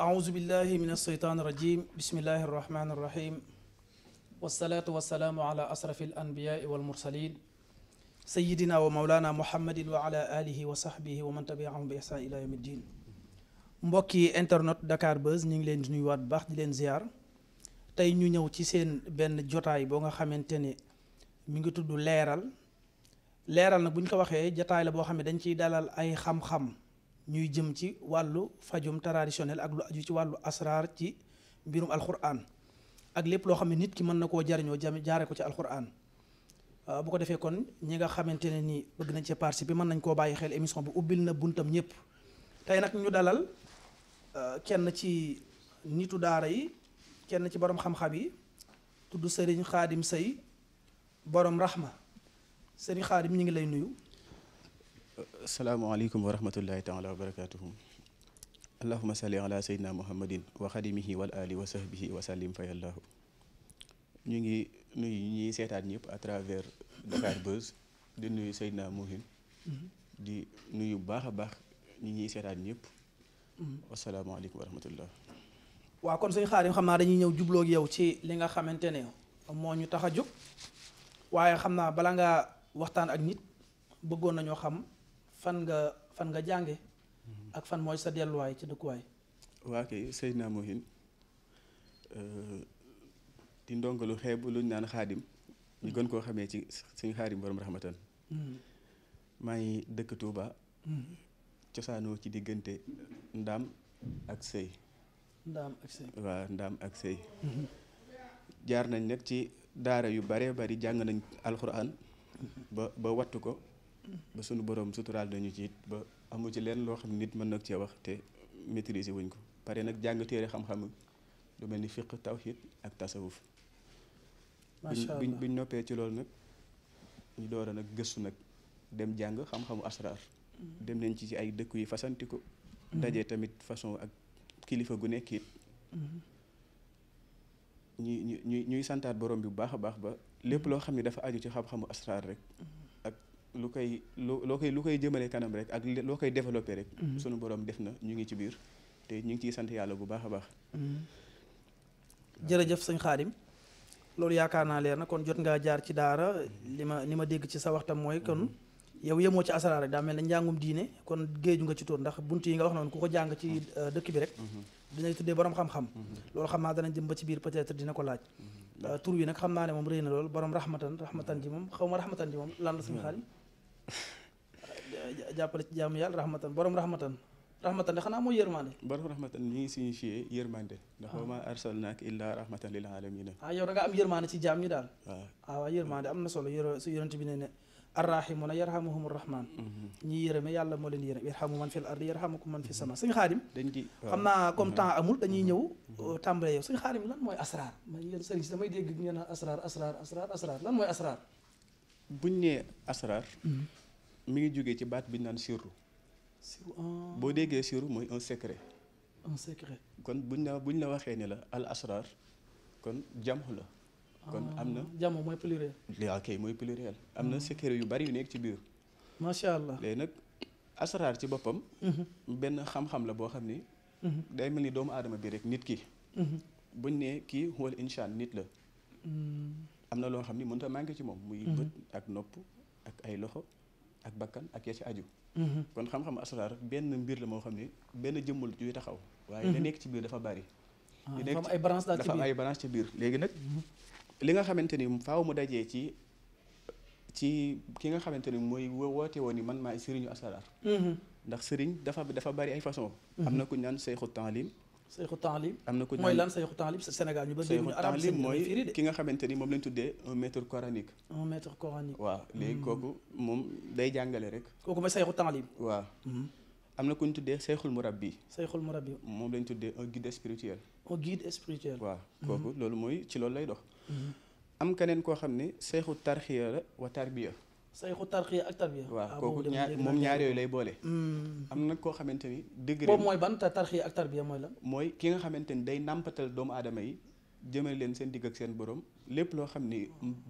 أعوذ بالله من الشيطان الرجيم بسم الله الرحمن الرحيم والصلاة والسلام على أشرف الأنبياء والمرسلين سيدنا ومولانا محمد وعلى آله وصحبه ومن تبعهم بإحسان إلى يوم الدين mbokki internet Dakar Buzz ñu ngi leen di nuyuwaat bu baax di leen ziar tey ñu ñëw ci seen benn jotaay boo nga xamante ni mi ngi tudd leeral leeral nag bu ñu ko waxee jotaay la boo xam ne dañ ciy dalal ay xam-xam ñuy jëm ci wàllu fajum traditionnel ak lu aju ci wàllu asraar ci mbirum alquran ak lépp loo xam ne nit ki mën na koo jariñoo jam jaare ko ci alquran ah, bu ko defee kon ñi nga xamante ne nii bëgg nañ cee participer mën nañ koo bàyyi xel émission bi ubbil na buntam ñëpp tey nag ñu dalal ah, kenn ci nitu daara yi kenn ci borom xam-xam yi tudd Serigne xaadim Seye borom rahma Serigne Khadim ñu ngi lay nuyu. salaamaaleykum wa rahmatullahi taala wa barakaatuhu allahuma salli ala seydina muhammadin wa xadimihi wal ali wa sahbihi wa sallim fayallahu ñu ngi nuyu ñuy seetaan ñëpp à travers Dakar di nuyu Seydina Muhin di nuyu bu baax a baax ñi ñuy seetaan ñëpp mm-hmm. asalaamaaleykum wa kon sëñ Xaadim xam naa dañuy ñëw jubloog yow ci li nga xamante ne moo ñu tax a jóg waaye xam naa balaa nga waxtaan ak nit bëggoon nañoo xam fan nga fan nga jànge mhm. ak fan mooy sa delluwaay ci dëkkuwaay waa kay Seydina Mohin euh, di ndongalu xeebu luñ naan xaadim ñu mhm. gën koo xamee ci suñu xaadim borom raxmatan maa mhm. ngi dëkk Touba. cosaanoo ci diggante ndam ak sëy ndaam ak sëy jaar nañ nag ci daara yu bare bari jàng nañ alxuraan ba wattu ko ba sunu borom suturaal nañu ci it ba amul ci leen loo xam nit mën nag cee wax te maîtriser wuñ ko pare nag jàng téere xam-xam lu mel ni fiq tawhid ak tasawuf macha allah buñ noppee ci loolu nag ñu door nag gëstu nag dem jàng xam-xamu asraar mm. dem nañ ci ci ay dëkk yi fasantiku ko mm-hmm. daje tamit façon ak kilifa gu nekk it mm-hmm. ñuy ñuy ñuy santaat borom bi bu baax a baax ba lépp loo xam ne dafa aju ci xam-xamu asraar rek mm-hmm. lu koy lu loo koy lu koy jëmale kanam rek ak loo koy développé rek. Mm-hmm. sunu borom def na ñu ngi ci biir te ñu ngi ciy sant yàlla bu baax a baax. Mm-hmm. jërëjëf sëñ Xaadim loolu yaakaar naa leer na kon jot ngaa jaar ci daara mm-hmm. li ma li ma dégg ci sa waxtam mooy kon. yow yemoo ci asaraar rek daa mel ne njàngum diine kon géeju nga ci toon ndax bunt yi nga wax noonu ku ko jàng ci euh, dëkk bi rek dinañ tuddee borom xam-xam loolu xam naa danañ jëm ba ci biir peut-être dina ko laaj euh, tur wi nag xam naa ne moom rëy na loolu borom rahmatan rahmatan ji moom xaw ma rahmatan ji moom lan la jàppale ci jaamu yàlla rahmatan borom rahmatan rahmatan de xanaa mooy yërmande borom rahmatan mi ngi signifié yërmande ndax wa maa ah. arsalnaaka illaa rahmatan lil aalamiin ah yow da nga am yërmande ci jaam ñi daal waaw ah waaw yërmande am na solo yër su yonent bi ne ne arrahimuna yarhamuhum rahman mhm. ñi yërëme yàlla moo leen yërëm yarhamu man fil ardi yarhamukum man fi sama suñ xaadim dañ ci xam naa comme mhm. temps amul dañuy mhm. ñëw euh, tàmbale yow suñ xaadim lan mooy asrar man yéen sëriñ si damay dégg ngeen asrar asrar asrar asrar lan mooy asrar buñ nee asrar mi ngi jógee ci baat bi ñu naan sirru. sirru ah. boo déggee sirru mooy un secret. un secret kon buñ la buñ la waxee ne la al asrar kon jamu la. kon ah, am na jamu mooy pluriel. ok ah, mooy pluriel am na secret yu bari yu nekk ci biir. macha allah léegi nag asrar ci boppam. Mhm. benn xam-xam la boo xam ni. Mhm. day mel ni doomu aadama bi rek nit ki. Mhm. buñ ne kii wala insaan nit la. Mm. am na loo xam ni mënut a manqué ci moom. muy bët ak nopp ak ay loxo. ak bakkan ak ya ci aju mm-hmm. kon xam-xam asraar benn mbir la moo xam ni benn jëmmul juy taxaw waaye la mm-hmm. nekk ci biir dafa bari ah, dafa am ay branche daal dafa am ay branche ci biir léegi nag mm-hmm. li nga xamante ni faw mu dajee ci ci ki nga xamante ni mooy woote woon ni man maay sëriñu asraar ndax sëriñ dafa dafa bari ay façon am na ku ñu naan seexu taalim sayxu taalim am na ko mooy lan sayxu taalim sa Sénégal ñu ba déglu arab taalim mooy ki nga xamante ni moom lañ tuddee un maître coranique un maître coranique waaw léegi hmm. kooku moom day jàngale rek kooku mooy sayxu taalim waaw hmm. am na ku ñu tuddee sayxul murabbi sayxul murabbi moom lañ tuddee un guide spirituel un guide spirituel waaw kooku hmm. loolu mooy ci loolu lay dox am keneen koo xam ne sayxu tarxiya la wa tarbiya sayxu tarxiya ak tarbiya. waaw ah, kooku ñaar moom ñaar yooyu lay boole. Mm. am na koo xamante ni degré. boobu mooy ban tarxiya ak tarbiya mooy lan. mooy ki nga xamante ni day nàmpatal doomu aadama yi jëmale leen seen digg seen borom lépp loo xam ni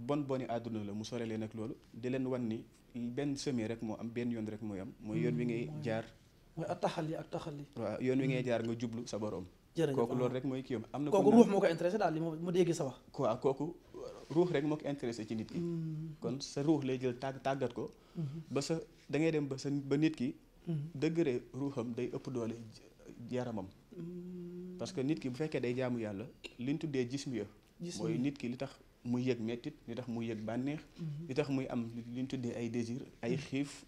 bon boni àdduna la mu sore leen ak loolu di leen wan ni benn semi rek moo am benn yoon rek mooy am. mooy yoon wi ngay mm, jaar. mooy ak taxali ak taxali. waaw yoon wi ngay mm. jaar nga jublu sa borom. jërëjëf kooku loolu rek mooy kii am. am na kooku ruux moo ko intéressé daal mu déggee sa wax. waaw kooku. ruux rek moo ko intéressé ci nit ki. Mm. kon sa ruux lay jël tàgg tàggat ko. Mm-hmm. ba sa da ngay dem ba sa ba nit ki. Mm-hmm. degré ruuxam day ëpp doole yaramam. Mm. parce que nit ki bu fekkee day jaamu yàlla li ñu tuddee jism ya mooy nit ki li tax mu yëg mettit li tax mu yëg bànneex. Mm-hmm. li tax muy am li ñu tuddee ay désir ay xiif.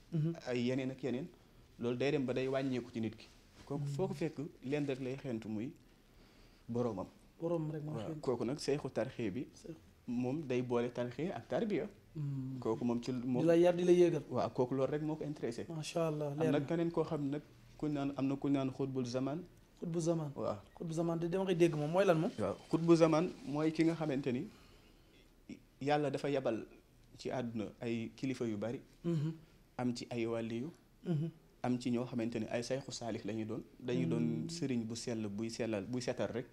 ay yeneen ak yeneen loolu day dem ba day wàññeeku ci nit ki. kooku foo ko fekk lenn rek lay xentu muy boroomam. boroom kooku nag seexu tarxee bi. moom day boole tarxiya ak tarbiya hmm. kooku moom ci moom la yar di la yéegal waaw kooku loolu rek moo ko intéressé macha allah am na keneen koo xam ne nag kuñ naan am na kuñ naan xutbul zaman xutbu zaman waaw xutbu zaman de dama koy dégg moom mooy lan moom xutbu zaman mooy ki nga xamante ni yàlla dafa yabal ci àdduna ay kilifa yu bari hmm. am ci ay wàlliyu hmm. am ci ñoo xamante ni ay sayxu saalix la ñuy doon dañuy doon hmm. sëriñ bu sell buy sellal buy setal rek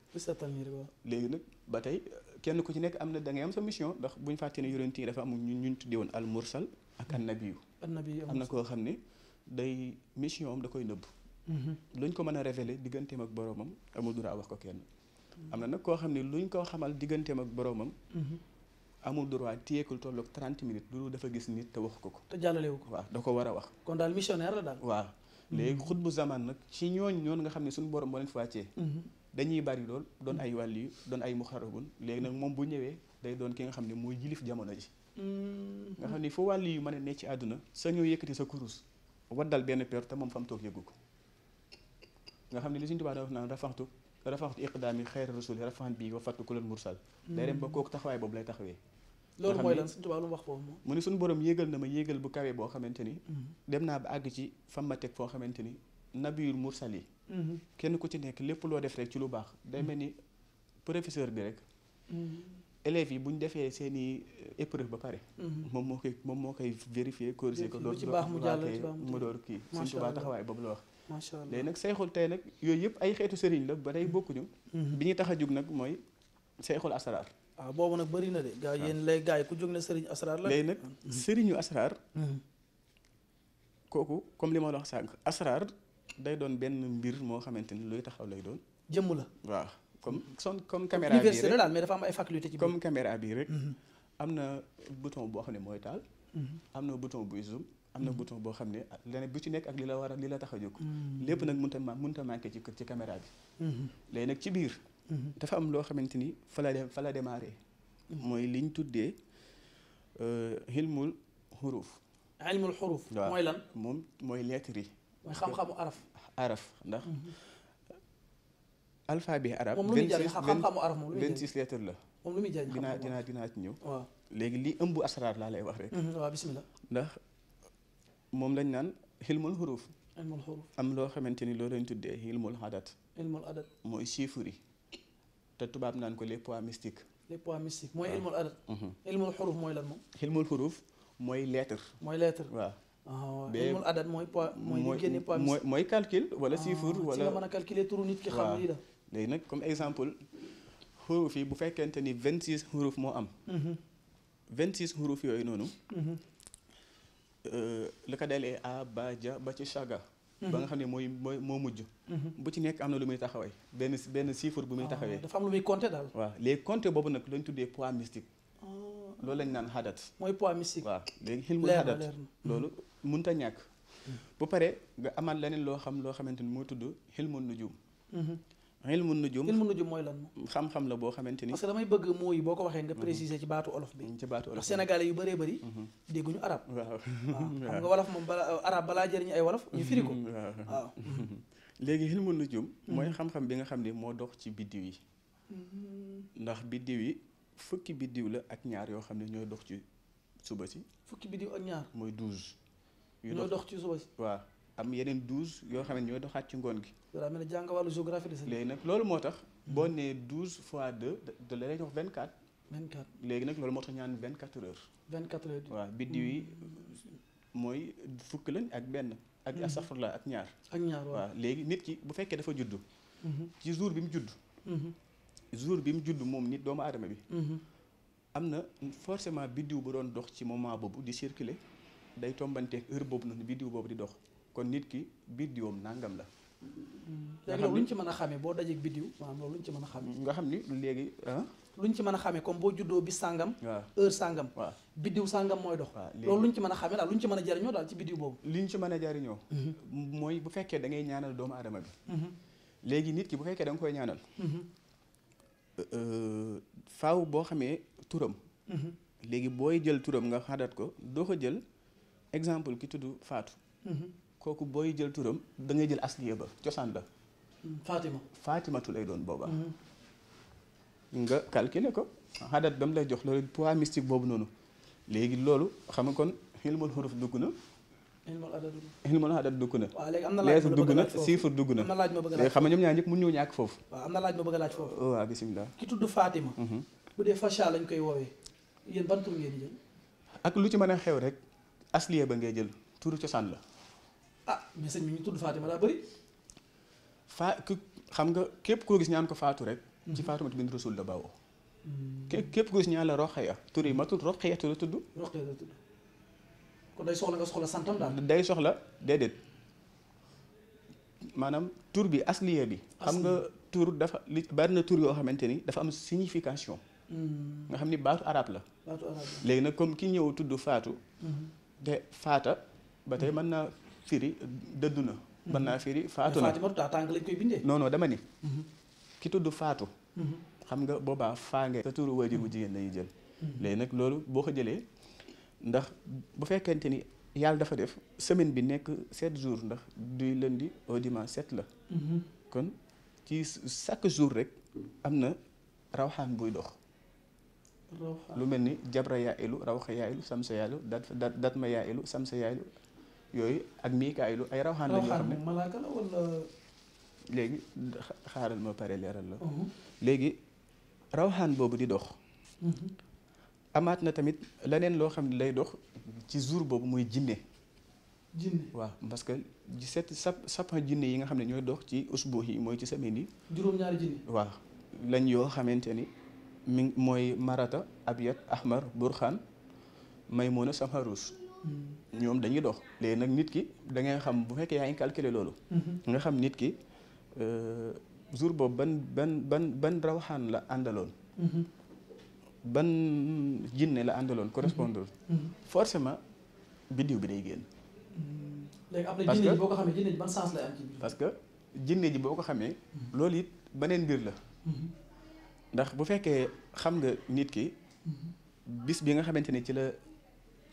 léegi nag ba tey kenn ku ci nekk am na da am sa mission ndax buñ fàtte ne yonent yi dafa am ñu ñu tuddee woon al mursal ak annabiyu am na koo xam ne day mission am da koy nëbb hmm. luñ ko mën a révéler digganteem ak boromam amul dara wax ko kenn hmm. am na nag koo xam ne luñ koo xamal digganteem ak boromam amul droit téyeekul tolloog 30 minutes loolu dafa gis nit te wax ko ko. te jàllale wu ko waaw da ko war a wax. kon daal missionnaire la daal. waaw mm-hmm. léegi xutbu zaman nag ci ñooñ ñoon nga xam ne suñu borom moo leen fa wàccee. Mm-hmm. dañuy bari lool doon mm-hmm. ay wàll yu doon ay muxarabun léegi nag moom bu ñëwee day doon ki nga xam ne mooy jilif jamono ji. nga xam ne foo wàll yu mën a ne ci àdduna. sa ñoo yëkkati sa kurus waddal benn per te moom fa toog yëggu ko nga xam ne li suñu tubaab da wax rafaxatu iqdaami xayra rasuli rafaxan bii wa fattu kulal mursal day dem ba hmm. kooku taxawaay boobu lay taxawee loolu mooy lan suñu tubaab lu mu wax foofu moom mu ne suñu borom yéegal na ma yéegal bu kawee boo xamante ni hmm. dem naa ba àgg ci fam ma teg foo xamante ni nabiyul mursal yi hmm. kenn ku ci nekk lépp loo def rek ci lu baax day mel ni professeur bi rek élèves yi bu ñu defee seen i euh, épreuve ba pare moom moo koy moom moo koy vérifier corriger ko loolu ci baax mu jàll mu door kii suñu tubaab boobu la wax macha allah nag seexul tey nag yooyu yëpp ay xeetu sëriñ la ba tey bokkuñu. Mhm. bi ñu tax a jug nag mooy seexul asraar. waaw ah, boobu nag bëri na de. gaa ah. yéen lay gaa yi ku jóg na sëriñ asraar la. léegi nag mhm. sëriñu asraar. Mhm. kooku comme li ma la wax sànq asraar day doon benn mbir moo xamante ni luy taxaw lay doon. jëmm la waaw comme son comme caméra bii rek am ay faculté ci comme caméra bii rek. am na bouton boo xam ne mooy taal. am na bouton buy zoom. am na bouton boo xam ne leneen bu ci nekk ak li la war a li la tax a jóg mm-hmm. lépp nag mënta ma mënta manqué ci ci caméra bi mm-hmm. léegi nag ci biir mm-hmm. dafa am loo xamante ni fa la fa mooy liñ tuddee xilmul euh, xuruf ilmul xuruf mooy moom mooy lettre yi mooy xam-xamu araf araf ndax alphabet arab moom lu muy jariñ la moom lu muy jariñ dinaa dinaa dinaa ci ñëw léegi li ëmb asraar laa lay wax rek waaw bismillah ndax moom lañ naan xilmul xuruf xilmul xuruf loo xamante ni loolu lañ tuddee mooy chiffre te tubaab naan ko le poids mystiques les poids mystiques mooy xilmul adat mhm. mooy lan moom xilmul xuruf mooy lettre mooy lettre waaw ah, ilmul adat mooy ah, a calculer turu nit ki xam lii la léegi nag comme exemple xuruf yi bu fekkente ni vingt six xuruf moo am mhm. vingt six xuruf yooyu noonu mhm. li ko dalee A ba ja ba ci chaga ba nga mhm. xam ne mooy mooy moo mujj mhm. bu ci nekk am na lu muy taxawee benn benn chiffre bu muy ah, taxawee dafa am lu muy compter daal waaw léegi compter boobu nag lañ tuddee poids mystique oh. loolu lañ naan xadat mooy poids mystique waaw léegi xilmul xadat mhm. loolu mun mënta ñàkk bu pare nga amaat leneen loo xam loo xamante ni moo tudd xilmul nujum ilmu nujum ilmu nujum mooy lan xam-xam la boo xamante ni parce que damay bëgg moo yi boo ko waxee nga mhm. préciser ci baatu olof bi mm, ci baatu olof yu bëree bëri mhm. dégguñu arab waaw xam nga wolof moom bala arab balaa jëriñu ay wolof ñu firi ko mm, waaw léegi ilmu nujum mm. mooy xam-xam bi nga xam ni moo dox ci biddiw yi ndax biddiw yi fukki biddiw la ak ñaar yoo xam ne ñooy dox ci suba si fukki biddiw ak ñaar mooy douze ñooy dox ci suba si waaw am yeneen douze yoo xam ne ñooy doxaat ci ngoon gi. daa mel ne jàng wàllu géographie la léegi nag loolu moo tax hmm. boo nee douze fois deux da la lay jox vingt quatre. vingt quatre léegi nag loolu moo tax ñaan vingt quatre heures. vingt quatre heures waaw biddiw hmm. yi mooy fukk lañ ak benn. ak hmm. astafurlah ak ñaar. ak ñaar waaw léegi nit ki bu fekkee dafa juddu ci jour bi mu judd. jour bi mu juddu moom nit doomu aadama bi. am na forcément biddiw bu doon dox ci moment boobu di circuler day tombanteeg heure boobu na noonu biddiw boobu di dox. kon nit ki biddiwam nangam la. nga xam ni ci man a xamee boo dajee biddiw maanaam loolu luñ ci mën a xamee. nga xam ni léegi lu ah? luñ ci mën a xamee comme boo juddoo bi sàngam. waaw heure sàngam. waaw biddiw sàngam mooy dox. waaw loolu luñ ci mën a xamee daal luñ ci mën a jariñoo daal ci biddiw boobu. liñ ci mën a jariñoo. Mhm. mooy bu fekkee da ngay ñaanal doomu aadama bi. Mhm. léegi nit ki bu fekkee da nga koy ñaanal. Mhm. Euh, faaw boo xamee turam. léegi booy jël turam nga xadat ko doo ko jël exemple ki tudd Faatu. kooku booy jël turam da ngay jël asliya ba cosaan la. Fatima Fatimatu lay doon booba. Mm-hmm. nga calculer ko. xadat ba mu lay jox loolu poids mystique boobu noonu. léegi loolu xam nga kon xilmul xuruf dugg na. xilmul adat dugg na xilmul adat dugg na. waaw léegi am na laaj ma a laaj foofu chiffre na. am laaj ma bëgg xam nga ñoom ñaar ñëpp mënuñoo foofu. waaw am na laaj a laaj foofu. Oh, waaw bisimilah. ki tudd Fatima. Mm-hmm. bu koy woowee. yéen ban ak lu ci mën a xew rek asliya ba ngay jël turu cosaan la ah mais sëñ bi ñu tudd fa xam nga képp koo gis ñaan ko faatu rek. ci mhm. Fatimatu bintu Rasul la bawoo. Mm. képp képp koo gis yi matul Roqeya tur la tudd. Roqeya kon day soxla nga soxla santam daal. day soxla déedéet maanaam tur bi asliya bi. xam nga tour dafa li bari na tur yoo xamante ni dafa am signification. Mm. nga xam ni baatu arab la. la léegi nag comme ki ñëw tudd faatu. Mhm. te faata ba tey mhm. mën naa. firi dëddu na. Mhm. firi faatu na tànk lañ koy bindee. non non dama ni. Mhm. ki tudd faatu. Mhm. xam nga boobaa faa ngeen. sa turu waajur bu jigéen lañuy jël. léegi nag loolu boo ko ndax bu fekkente ni yàlla dafa def semaine bi nekk sept jours ndax du lundi au dimanche sept la. kon ci chaque jour rek am na rawxaan buy dox. lu mel ni jabra yaa ilu rawxa yaa ilu samsa yaa dat dat ma yaa ilu samsa yooyu ak Mikaayilu ay rawxaan lañu xam malaaka la wala. léegi xaaral ma pare leeral la. Mhm. léegi rawxaan boobu di dox. Mhm. amaat na tamit leneen loo xam ne lay dox ci jour boobu muy jinne jinne waaw parce que set sa sapin jinne yi nga xam ne ñooy dox ci usbuux yi mooy ci semaine yi. juróom-ñaari jinne lañ yoo xamante ni mi mooy marata abiyat ahmar burxaan maymuna samharus ñoom dañuy dox léegi nag nit ki da ngay xam bu fekkee yaa ngi calculer loolu. Mm-hmm. nga xam nit ki euh, jour boobu ban ban ban ban rawaxaan la àndaloon. Mm-hmm. ban jinne la àndaloon correspondre. Mm-hmm. forcément biddiw bi day génn. léegi après jinne ji boo ko xamee jinne ji ban sens lay am ci parce que ji boo ko xamee. loolu it beneen la. ndax bu fekkee xam nga nit ki. bis bi nga xamante ni ci la.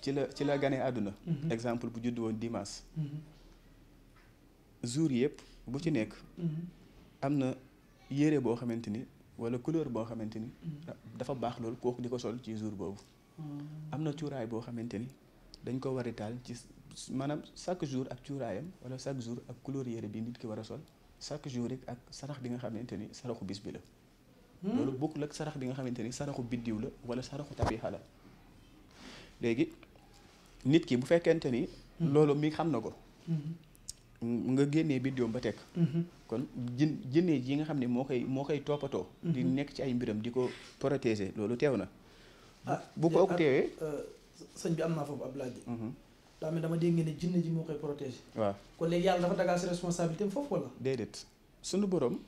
ci la ci la ganee àdduna mm-hmm. exemple bu judd woon dimanche mm-hmm. jour yëpp bu ci nekk mm-hmm. am na yére boo xamante ni wala couleur boo xamante ni dafa baax loolu kooku di ko sol ci jour boobu am na cuuraay boo xamante ni dañ ko war a taal ci maanaam chaque jour ak cuuraayam wala chaque jour ak couleur yére bi nit ki war a sol chaque jour rek ak sarax bi nga xamante ni saraxu bis bi la hmm? loolu bokkul ak sarax bi nga xamante ni saraxu biddiw la wala saraxu tabixa la léegi nit ki bu fekkente ni. Mm-hmm. loolu mi xam na ko. Mm-hmm. nga génnee biddiom ba teg. Mm-hmm. kon jin jinne yi nga xam ne moo koy moo koy toppatoo. di nekk ci ay mbiram di ko protéger loolu teew na. bu ah, ko ok ah, teewee. Ah, euh, sëñ bi am naa foofu ab laaj. daa dama dégg ngeen ne jinne ji moo koy protéger. waaw kon léegi yàlla dafa dagal si responsabilité foofu wala. déedéet sunu borom.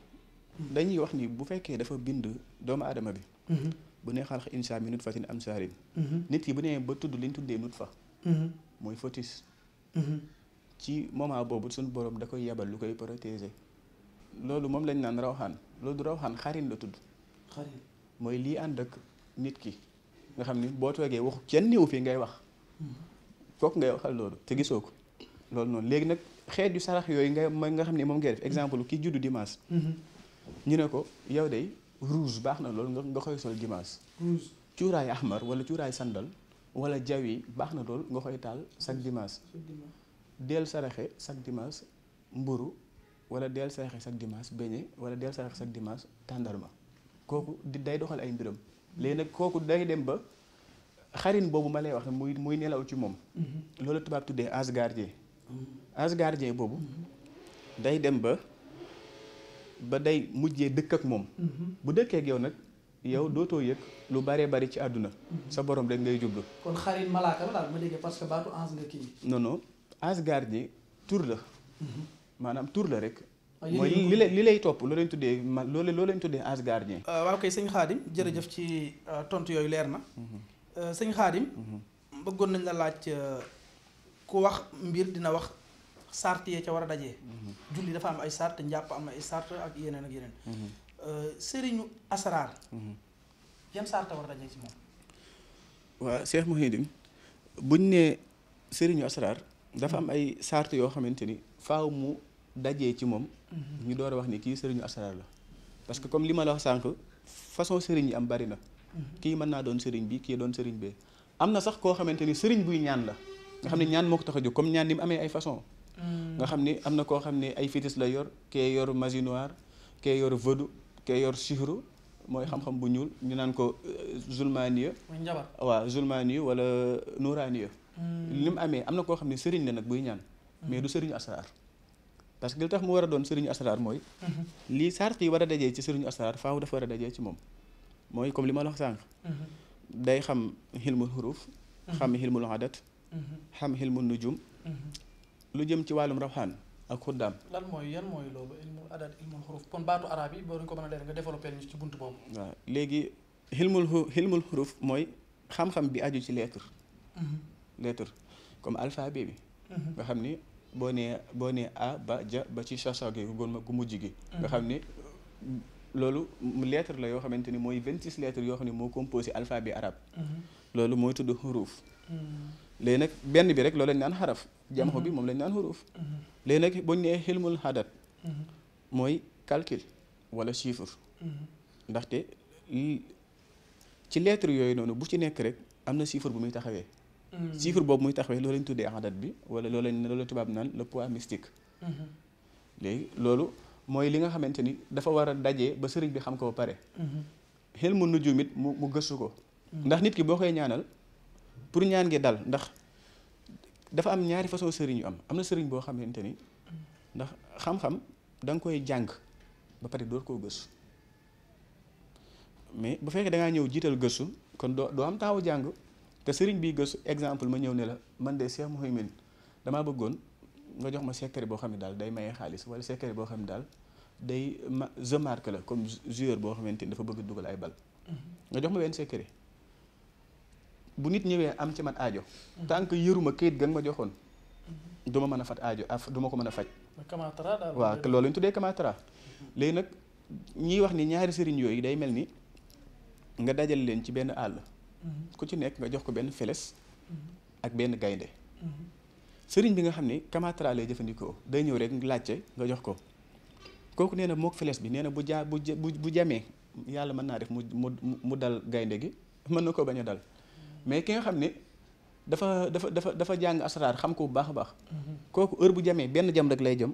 dañuy wax ni bu fekkee dafa bind doomu adama bi. bu nee xalaq insa min nutfatin amsaarin nit ki bu nee ba tudd Mm-hmm. mooy fœtus mm-hmm. ci moment boobu suñu borom da koy yebal lu koy protéger loolu moom lañ naan rawxaan loolu rawxaan xarin la tudd mooy lii ànd ak nit ki nga xam ni boo toogee waxu kenn néew fii ngay wax mm-hmm. foog ngay waxal loolu te gisoo ko loolu noonu léegi nag xeet yu sarax yooyu ngay nga xam ne moom ngay def exemple ki juddu dimanche ñu ne ko yow day rouge baax na loolu nga koy sol dimanche rouge cuuraay ahmar wala cuuraay sandal walla jaw yi baax na lool nga koy taal sag dimanche del saraxe sag dimanche mburu wala del saraxe sag dimanche beñe wala deel saraxe chaque dimanche tàndarma kooku day doxal ay mbiram léegi nag kooku day dem ba xarin boobu ma lay wax muy muy nelaw ci moom mm-hmm. loolu tubaab tuddee ange gardien mm-hmm. ange gardien boobu mm-hmm. day dem ba ba day mujjee dëkk ak moom bu dëkkee ak nag yow mhm. dootoo yëg lu baree bari ci àdduna mhm. sa borom rek ngay jublu. kon xarit malaaka la daal ma déggee parce que baatu ange nga kii. non non Asgard tur la. Mhm. maanaam tur la rek. Ah, mooy li lay li lay topp loo leen tuddee ma loolu loo leen tuddee Asgard yi. Ah, waaw kay sëñ Xaadim jërëjëf ci ah, tont yooyu leer na. sëñ Xaadim. bëggoon nañ la laaj ku wax mbir dina wax sart yee ca war a dajee. julli dafa am ay sart njàpp am ay sart ak yeneen ak yeneen. Euh, sëriñu asaraar yan sarta war dajee ci moom waaw Cheikh Mouhidine buñ nee sëriñu asaraar dafa am ay sart yoo xamante ni faaw mu dajee ci moom mhm. ñu door a wax ni kii sëriñu asaraar la parce que comme li ma la wax sànq façon sëriñ yi am bari na mhm. kii mën naa doon sëriñ bi kii doon sëriñ bee am na sax koo xamante ni sëriñ buy ñaan la nga xam ne ñaan moo ko tax a jóg comme ñaan ni mu amee ay façon mm. nga xam ni am na koo xam ne ay fétiche la yor kee yor magie kee yor vaudou kee yor sihru mooy xam-xam bu ñuul ñu naan ko euh, zulmaniya waaw zulmaniya wala nuraaniya li hmm. mu amee am na koo xam ne sëriñ la nag buy ñaan mais du sëriñu asraar parce que li tax mu war a doon sëriñu asraar mooy lii sart yi war a dajee ci sëriñu asraar faaw dafa war a dajee ci moom mooy comme li ma la wax sànq hmm. day xam xilmul xuruf hmm. xam xilmul adat xam xilmul nujum lu jëm ci wàllum rawxaan ak xuddaam. lan mooy yan mooy loolu ilmu adat ilmul xuruf kon baatu arab yi boo ko mën a leer nga développé ñu ci bunt boobu. waaw léegi ilmul ilmul xuruf mooy xam-xam bi aju ci lettre. Mhm. lettre comme alphabet bi. Mhm. nga xam ni boo nee boo nee a ba ja ba ci chacha gi gu ma gu mujj gi. Mhm. nga xam ni loolu lettre la yoo xamante ni mooy vingt six lettres yoo xam ne moo composé alphabet arabe. loolu mooy tudd xuruf. léegi nag benn bi rek loolu lañ naan xaraf. jamxu bi moom lañ naan xuruuf mhm. léegi nag buñ nee xilmul xadat mhm. mooy calcul wala chiffre mhm. ndaxte ci lettre yooyu noonu bu ci nekk rek am na chiffre bu muy taxawee chiffre boobu muy taxawee loolu lañ tuddee xadat bi wala loolu lañ loolu tubaab naan le poids mystique loolu mooy li nga xamante ni dafa war a daje ba sëriñ bi xam ko ba pare xel mu nujumit mu mu ko ndax nit ki boo koy ñaanal pour ñaan gi dal ndax dafa am ñaari façon sëriñ yu am am na sëriñ boo xamante ni ndax xam-xam da koy jàng ba pare door koo gëstu mais bu fekkee da ngaa ñëw jiital gëstu kon doo doo am taawu jàng te sëriñ bii gësu exemple ma ñëw ne la man de Cheikh Mouhamed damaa bëggoon nga jox ma secret boo xam ne daal day maye xaalis wala secret boo xam ne daal day ma je marque la comme joueur boo xamante ni dafa bëgg dugal ay bal mm-hmm. nga jox ma benn secret bu nit ñëwee am ci man aajo. tànk que yëruma kayit gan ma joxoon. duma mën a fat aajo af du ko mën a faj. waaw loolu ñu tuddee kamatara. léegi nag ñiy wax ni ñaari sëriñ yooyu day mel ni nga dajal leen ci benn àll. ku ci nekk nga jox ko benn feles. ak benn gaynde. sëriñ bi nga xam ne kamatara lay jëfandikoo day ñëw rek laajte nga jox ko. kooku nee na mook feles bi nee na bu jaa bu bu jamee yàlla mën naa def mu mu mu dal gaynde gi mën na ko bañ a dal. mais ki nga xam ne dafa dafa dafa dafa jàng asraar xam ko bu baax a baax. kooku heure bu jamee benn jam rek lay jëm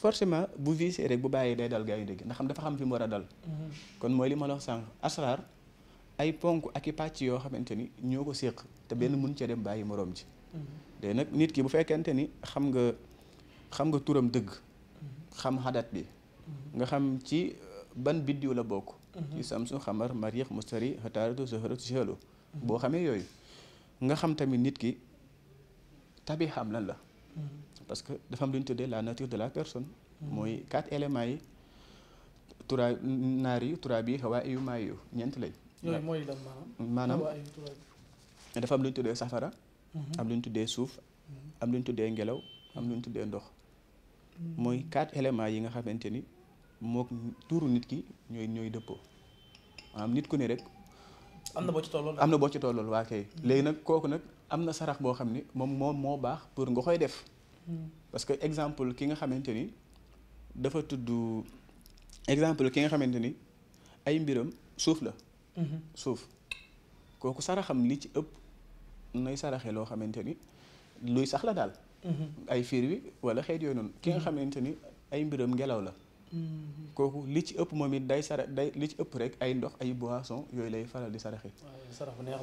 forcément bu visé rek bu bàyyi day dal gaa yi dégg ndax xam dafa xam fi mu war a dal. kon mooy li ma sànq asraar ay ponk ak pàcc yoo xamante ni ñoo ko séq te benn mun cee dem bàyyi moroom ji. nag nit ki bu fekkente ni xam nga xam nga turam dëgg. xam xadat bi. nga xam ci ban biddiw la bokk. ci samsu xamar mariix mustari xataaratu zahratu boo xamee yooyu nga xam tamit nit ki tabi xam lan la mm-hmm. parce que dafa am lu ñu tuddee la nature de la personne mm-hmm. mooy quatre éléments yi tura naar yi tura bi xawaa iyu maa yu ñeent lay maanaam dafa am lu tuddee safara mm-hmm. am lu ñu tuddee suuf am lu ñu tuddee ngelaw am lu ñu tuddee ndox mooy quatre éléments yi nga xamante ni mook tuuru nit ki ñooy ñooy dëppoo maanaam nit ku ne rek am na boo ci tollool am na boo ci tollool waa kay mm-hmm. léegi nag kooku nag am na sarax boo xam ni moom moom moo baax pour nga koy def mm-hmm. parce que exemple ki nga xamante ni dafa tudd exemple ki nga xamante ni ay mbiram suuf la mm-hmm. suuf kooku saraxam li ci ëpp nay saraxe loo xamante ni luy sax la daal ay fiir wi wala xeet yooyu noonu ki nga xamante ni ay mbiram ngelaw la kooku li ci ëpp moom it day sara day li ci ëpp rek ay ndox ay boisson yooyu lay faral di saraxe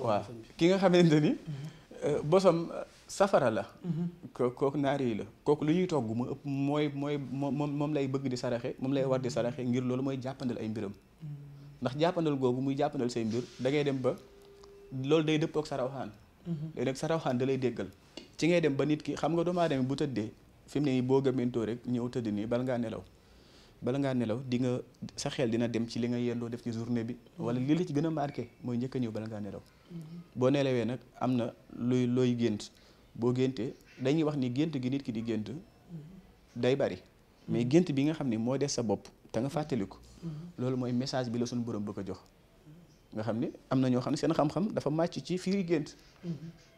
waaw ki nga xamante ni mm-hmm. euh, bosom euh, safara la mm-hmm. ko kooku naar yi la kooku lu ñuy togg mu ëpp mooy mooy moom moom lay bëgg di saraxe moom lay war di mm-hmm. saraxe ngir loolu mooy jàppandal ay mbiram ndax jàppandal googu muy jàppandal say mbir dangay dem ba loolu day dëppook sarawxaan léegi nag sarawxaan da lay déggal ci ngay dem ba nit ki xam nga doomu aadama bu tëddee fi mu ne nii boo gëmentoo rek ñëw tëdd nii bal ngaa nelaw bala ngaa nelaw di nga sa xel dina dem ci li nga yendoo def ci journée bi wala li la ci gën a marqué mooy njëkk a ñëw bala ngaa nelaw boo nelawee nag am na luy looy gént boo géntee dañuy wax ni gént gi nit ki di gént day bari mais gént bi nga xam ni moo def sa bopp te nga fàttaliku loolu mooy message bi la suñu borom bëgg a jox nga xam ne am na ñoo xam ne seen xam-xam dafa màcc ci firi gént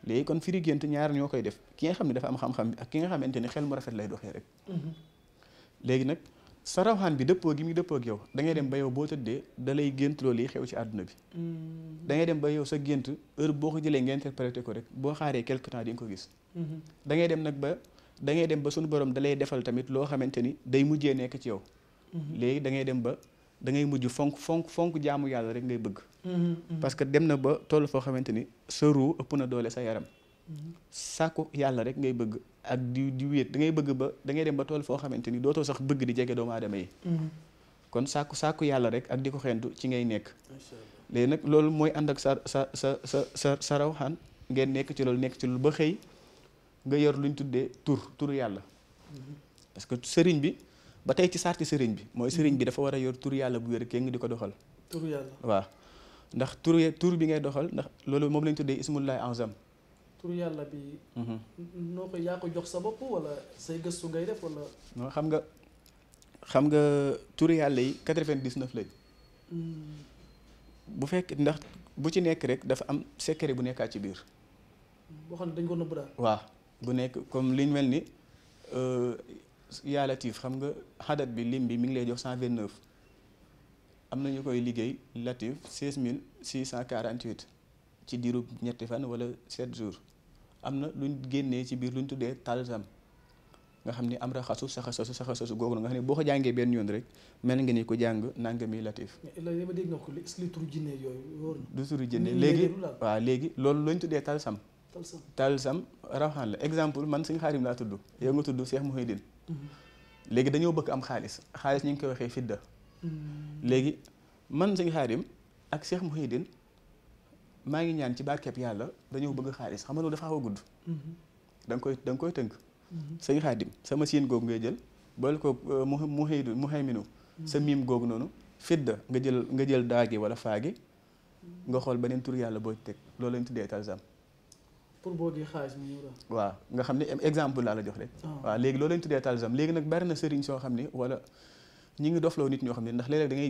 léegi kon firi gént ñaar ñoo koy def ki nga xam ne dafa am xam bi ak nga xamante ni xel mu rafet doxee rek mhm. nag sa rawxaan bi dëppoo gi muy dëppoo ak yow da ngay dem ba yow boo tëddee da lay gént loolu yi xew ci àdduna bi mm. da ngay dem ba yow sa gént heure boo ko jëlee nga interprété ko rek boo xaaree quelque temps di ko gis mm-hmm. da ngay dem nag ba da ngay dem ba suñu borom da lay defal tamit loo xamante ni day mujjee nekk ci yaw mm-hmm. léegi da ngay dem ba dangay mujj fonk fonk fonk jaamu yàlla rek ngay bëgg mm-hmm. parce que dem na ba toll foo xamante ni sa ruu ëpp na doole sa yaram sàkku yàlla rek ngay bëgg ak di di wéet da ngay bëgg ba da ngay dem ba tool foo xamante ni dootoo sax bëgg di jege doomu aadama yi mm-hmm. kon sàkku sàkku yàlla rek ak di ko xentu ci ngay nekk léegi nag loolu mooy ànd ak sa sa sa sa sa sa rawxaan ngeen nekk ci loolu nekk ci loolu ba xëy nga yor luñ tuddee tur tur yàlla mm-hmm. parce que sëriñ bi ba tey ci sarti sëriñ bi mooy sëriñ bi mm-hmm. dafa war a yor tur yàlla bu wér kéng di ko doxal tur waaw ndax tur tur bi ngay doxal ndax loolu moom lañ tuddee ismullahi azam tur yàlla bi. Mm-hmm. noo ko yaa ko jox sa bopp wala say gëstu ngay def wala. non xam nga xam nga tur yàlla yi quatre-vingt-dix-neuf lañ. Mm. bu fekk ndax bu ci nekk rek dafa am secret bu nekkaat ci biir. boo xam ne dañ ko nëbb daal. waaw bu nekk comme liñ mel ni euh, yaa latif xam nga xadat bi lim bi mi ngi lay jox cent vingt neuf am na ñu koy liggéey latif seize mille six cent quarante huit ci diirub ñetti fan wala sept jours. am na lu luñ génnee ci biir lu ñu tuddee talsam nga xam ni am raxasu saxasasu saxasasu googu nga xam ne boo ko jàngee benn yoon rek mel nga ni ko jàng nangami latif. la ma dégg nga ko est-ce que turu jinne yooyu du turu jinne léegi waaw léegi loolu lañ tuddee talsam. talsam talsam rawaxaan la exemple man suñu xaarim laa tudd mm-hmm. yow nga tudd Cheikh Mouhidine. Mm-hmm. léegi dañoo bëgg am xaalis xaalis ñu ngi koy waxee fidda mm-hmm. léegi man suñu xaarim ak Cheikh Mouhidine maa ngi ñaan ci barkeb yàlla dañoo bëgg xaalis xam nga loolu dafa xaw gudd. Mhm. danga koy da koy tënk. Mhm. sëñ Xaadim sama siin goog ngay jël boole ko mu euh, mu xëydu mu xëyminu mhm. sa miim googu noonu fidda nga jël nga jël daagi wala faagi nga xool beneen tur yàlla boo teg loolu lañ tuddee talzam. boo di xaalis mu ñëw waaw xam ne exemple laa la jox rek. Ah. waaw léegi loolu lañ tuddee talzam léegi nag bari na sëriñ soo xam ne wala. ñi ngi dofloo nit ñoo xam ne ndax léeg-léeg da ngay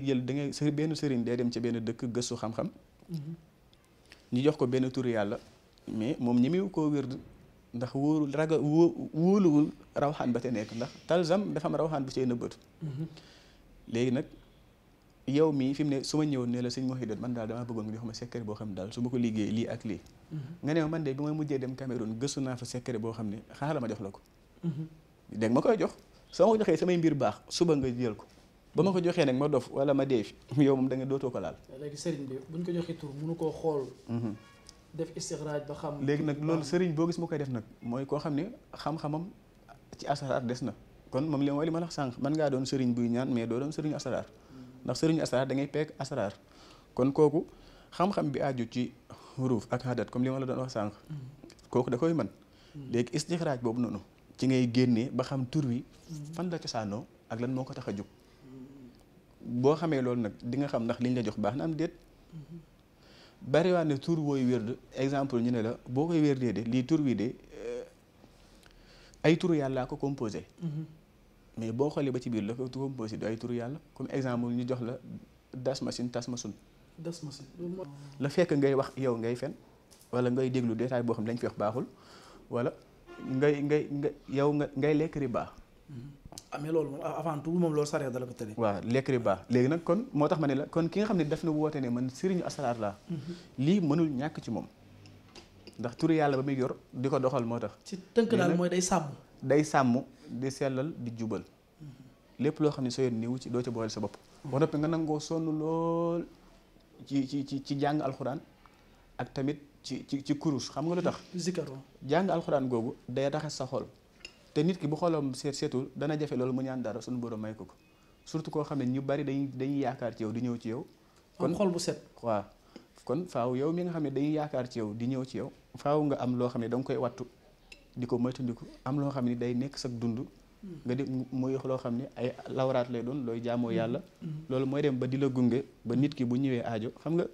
jël da benn sëriñ day dem ci benn dëkk gëstu xam-xam ñu jox ko benn tur yàlla mais moom ñemewu koo wérdu ndax wóorul raga wóoluwul rawxaan ba te nekk ndax talzam dafa am rawxaan bu cee nëbbatu mm-hmm. léegi nag yow mii fi mu ne su ma ñëwoon ne la sëñ Mouhidine man daal damaa bëggoon nga jox ma secret boo xam ne daal su ma ko liggéey lii ak lii mm-hmm. nga ne ma man de bi ma mujjee dem Cameroun gëstu naa fa secret boo xam ne xaaral ma jox la ko mm-hmm. dégg ma koy jox soo ma ko joxee samay mbir baax suba nga jël ko ba ma ko joxee nag ma dof wala ma dee fi yow moom da nga dootoo ko laal. léegi sëriñ bi buñ ko joxee tur mënu koo xool. Mhm. def istixraaj ba xam. léegi nag loolu sëriñ boo gis mu koy def nag mooy koo xam ne xam-xamam ci asaraar des na kon moom li li ma la sànq mën ngaa doon sëriñ buy ñaan mais doo doon sëriñu asaraar mhm. ndax sëriñu asaraar da ngay peek asaraar kon kooku xam bi aaju ci huruf ak hadat comme li ma la doon wax sànq. Mhm. kooku da koy mën. léegi istixraaj boobu noonu ci ngay génnee ba xam tur wi fan la cosaanoo ak lan moo ko tax a jóg boo xamee loolu nag di nga xam ndax liñ la jox baax na am déet bariwaan ne tur wooy wérd exemple ñu ne la boo koy dee de lii tur wii de euh, ay turu yàllaa ko composé mhm. mais boo xoolee ba ci biir la ko composé du ay turu yàlla comme exemple ñu jox la das machine tas masun das machine la fekk ngay wax yow ngay fen wala ngay déglu détail boo xam ne lañ fi wax baaxul wala ngay ngay nga yow nga ngay lekk riba mhm. Ah, mais loolu moom avant tout moom loolu sare dala ko tere waaw lekk baax léegi nag kon moo tax ma ne la kon ki nga xam ne daf na woote ne man sëriñu asaraar laa mhm. lii mënul ñàkk ci moom ndax turi yàlla ba muy yor di ko doxal moo tax ci tënk daal mooy day sàmm day sàmm di sellal di jubal mhm. lépp loo xam ne soo yoon ci doo ci boole sa bopp ba noppi nga nangoo sonn lool ci ci ci ci jàng alxuraan ak tamit ci ci ci kurus xam nga lu tax jàng alxuraan googu day raxas sa xol te nit ki bu xoolam seet seetul dana jafe loolu mu ñaan dara suñu borom may ko ko surtout koo xam ne ñu bari dañuy dañuy yaakaar ci yow di ñëw ci yow. kon xol bu set. waaw kon faaw yow mi nga xam ne dañuy yaakaar ci yow di ñëw ci yow faaw nga am loo xam ne danga koy wattu di ko moytandiku am loo xam ne day nekk sa dund. Hmm. nga di muy loo xam ne ay lawraat lay doon looy jaamoo hmm. yàlla. Hmm. loolu mooy dem ba di la gunge ba nit ki bu ñëwee aajo xam nga.